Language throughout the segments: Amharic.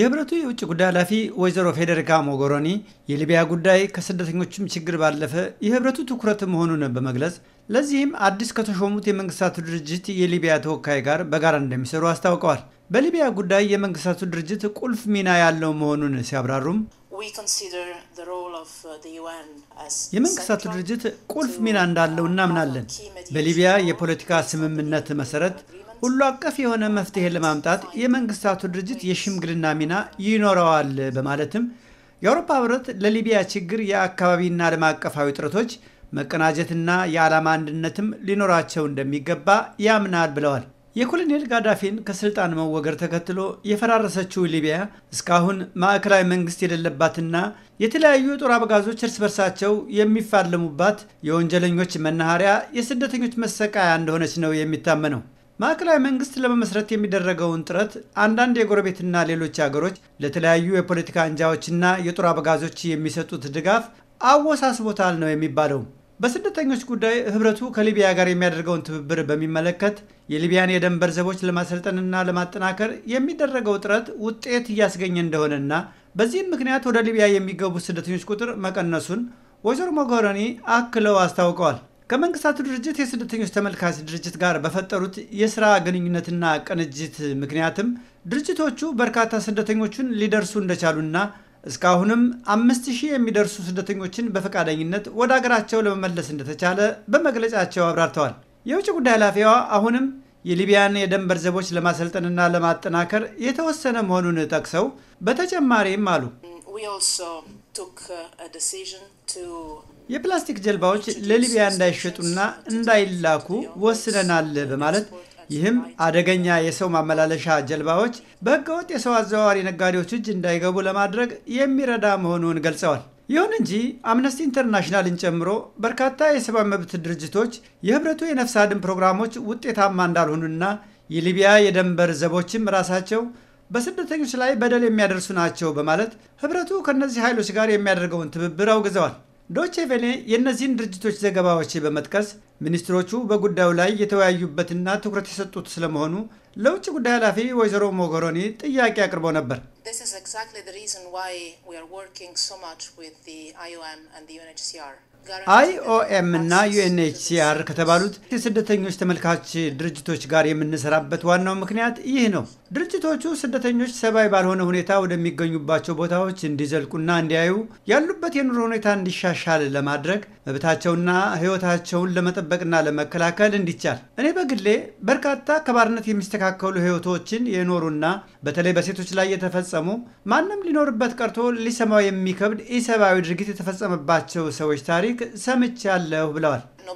የህብረቱ የውጭ ጉዳይ ኃላፊ ወይዘሮ ፌዴሪካ ሞጎሮኒ የሊቢያ ጉዳይ ከስደተኞችም ችግር ባለፈ የህብረቱ ትኩረት መሆኑን በመግለጽ ለዚህም አዲስ ከተሾሙት የመንግስታቱ ድርጅት የሊቢያ ተወካይ ጋር በጋራ እንደሚሰሩ አስታውቀዋል። በሊቢያ ጉዳይ የመንግስታቱ ድርጅት ቁልፍ ሚና ያለው መሆኑን ሲያብራሩም uh, የመንግስታቱ ድርጅት ቁልፍ ሚና እንዳለው እናምናለን። በሊቢያ የፖለቲካ ስምምነት መሰረት ሁሉ አቀፍ የሆነ መፍትሄ ለማምጣት የመንግስታቱ ድርጅት የሽምግልና ሚና ይኖረዋል በማለትም የአውሮፓ ህብረት ለሊቢያ ችግር የአካባቢና ዓለም አቀፋዊ ጥረቶች መቀናጀትና የዓላማ አንድነትም ሊኖራቸው እንደሚገባ ያምናል ብለዋል። የኮሎኔል ጋዳፊን ከስልጣን መወገድ ተከትሎ የፈራረሰችው ሊቢያ እስካሁን ማዕከላዊ መንግስት የሌለባትና የተለያዩ የጦር አበጋዞች እርስ በርሳቸው የሚፋለሙባት የወንጀለኞች መናኸሪያ፣ የስደተኞች መሰቃያ እንደሆነች ነው የሚታመነው። ማዕከላዊ መንግስት ለመመስረት የሚደረገውን ጥረት አንዳንድ የጎረቤትና ሌሎች ሀገሮች ለተለያዩ የፖለቲካ አንጃዎችና የጦር አበጋዞች የሚሰጡት ድጋፍ አወሳስቦታል ነው የሚባለው። በስደተኞች ጉዳይ ህብረቱ ከሊቢያ ጋር የሚያደርገውን ትብብር በሚመለከት የሊቢያን የደንበር ዘቦች ለማሰልጠንና ለማጠናከር የሚደረገው ጥረት ውጤት እያስገኘ እንደሆነና በዚህም ምክንያት ወደ ሊቢያ የሚገቡ ስደተኞች ቁጥር መቀነሱን ወይዘሮ ሞገሪኒ አክለው አስታውቀዋል። ከመንግስታቱ ድርጅት የስደተኞች ተመልካች ድርጅት ጋር በፈጠሩት የስራ ግንኙነትና ቅንጅት ምክንያትም ድርጅቶቹ በርካታ ስደተኞቹን ሊደርሱ እንደቻሉና እስካሁንም አምስት ሺህ የሚደርሱ ስደተኞችን በፈቃደኝነት ወደ አገራቸው ለመመለስ እንደተቻለ በመግለጫቸው አብራርተዋል። የውጭ ጉዳይ ኃላፊዋ አሁንም የሊቢያን የደንበር ዘቦች ለማሰልጠንና ለማጠናከር የተወሰነ መሆኑን ጠቅሰው በተጨማሪም አሉ የፕላስቲክ ጀልባዎች ለሊቢያ እንዳይሸጡና እንዳይላኩ ወስነናል በማለት ይህም አደገኛ የሰው ማመላለሻ ጀልባዎች በህገወጥ የሰው አዘዋዋሪ ነጋዴዎች እጅ እንዳይገቡ ለማድረግ የሚረዳ መሆኑን ገልጸዋል። ይሁን እንጂ አምነስቲ ኢንተርናሽናልን ጨምሮ በርካታ የሰብአዊ መብት ድርጅቶች የህብረቱ የነፍስ አድን ፕሮግራሞች ውጤታማ እንዳልሆኑና የሊቢያ የደንበር ዘቦችም ራሳቸው በስደተኞች ላይ በደል የሚያደርሱ ናቸው በማለት ህብረቱ ከእነዚህ ኃይሎች ጋር የሚያደርገውን ትብብር አውግዘዋል። ዶቼ ቬሌ የእነዚህን ድርጅቶች ዘገባዎች በመጥቀስ ሚኒስትሮቹ በጉዳዩ ላይ የተወያዩበትና ትኩረት የሰጡት ስለመሆኑ ለውጭ ጉዳይ ኃላፊ ወይዘሮ ሞጎሮኒ ጥያቄ አቅርቦ ነበር። አይኦኤም እና ዩኤንኤችሲአር ከተባሉት የስደተኞች ተመልካች ድርጅቶች ጋር የምንሰራበት ዋናው ምክንያት ይህ ነው። ድርጅቶቹ ስደተኞች ሰብአዊ ባልሆነ ሁኔታ ወደሚገኙባቸው ቦታዎች እንዲዘልቁና እንዲያዩ ያሉበት የኑሮ ሁኔታ እንዲሻሻል ለማድረግ መብታቸውና ሕይወታቸውን ለመጠበቅና ለመከላከል እንዲቻል እኔ በግሌ በርካታ ከባርነት የሚስተካከሉ ሕይወቶችን የኖሩና በተለይ በሴቶች ላይ የተፈጸሙ ማንም ሊኖርበት ቀርቶ ሊሰማው የሚከብድ ኢሰብአዊ ድርጊት የተፈጸመባቸው ሰዎች ታሪክ ሰምቻለሁ ብለዋል። Uh,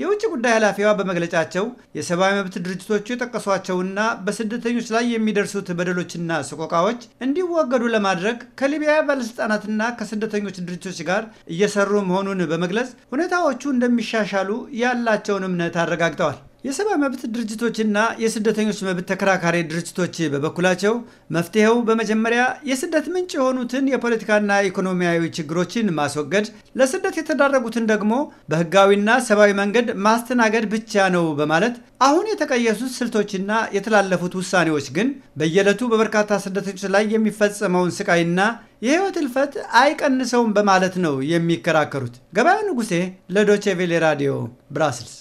የውጭ ጉዳይ ኃላፊዋ በመግለጫቸው የሰብአዊ መብት ድርጅቶቹ የጠቀሷቸውና በስደተኞች ላይ የሚደርሱት በደሎችና ስቆቃዎች እንዲወገዱ ለማድረግ ከሊቢያ ባለስልጣናትና ከስደተኞች ድርጅቶች ጋር እየሰሩ መሆኑን በመግለጽ ሁኔታዎቹ እንደሚሻሻሉ ያላቸውን እምነት አረጋግጠዋል። የሰብአዊ መብት ድርጅቶችና የስደተኞች መብት ተከራካሪ ድርጅቶች በበኩላቸው መፍትሄው በመጀመሪያ የስደት ምንጭ የሆኑትን የፖለቲካና ኢኮኖሚያዊ ችግሮችን ማስወገድ፣ ለስደት የተዳረጉትን ደግሞ በህጋዊና ሰብአዊ መንገድ ማስተናገድ ብቻ ነው በማለት አሁን የተቀየሱት ስልቶችና የተላለፉት ውሳኔዎች ግን በየዕለቱ በበርካታ ስደተኞች ላይ የሚፈጸመውን ስቃይና የህይወት እልፈት አይቀንሰውም በማለት ነው የሚከራከሩት። ገበያው ንጉሴ ለዶቼ ቬሌ ራዲዮ ብራስልስ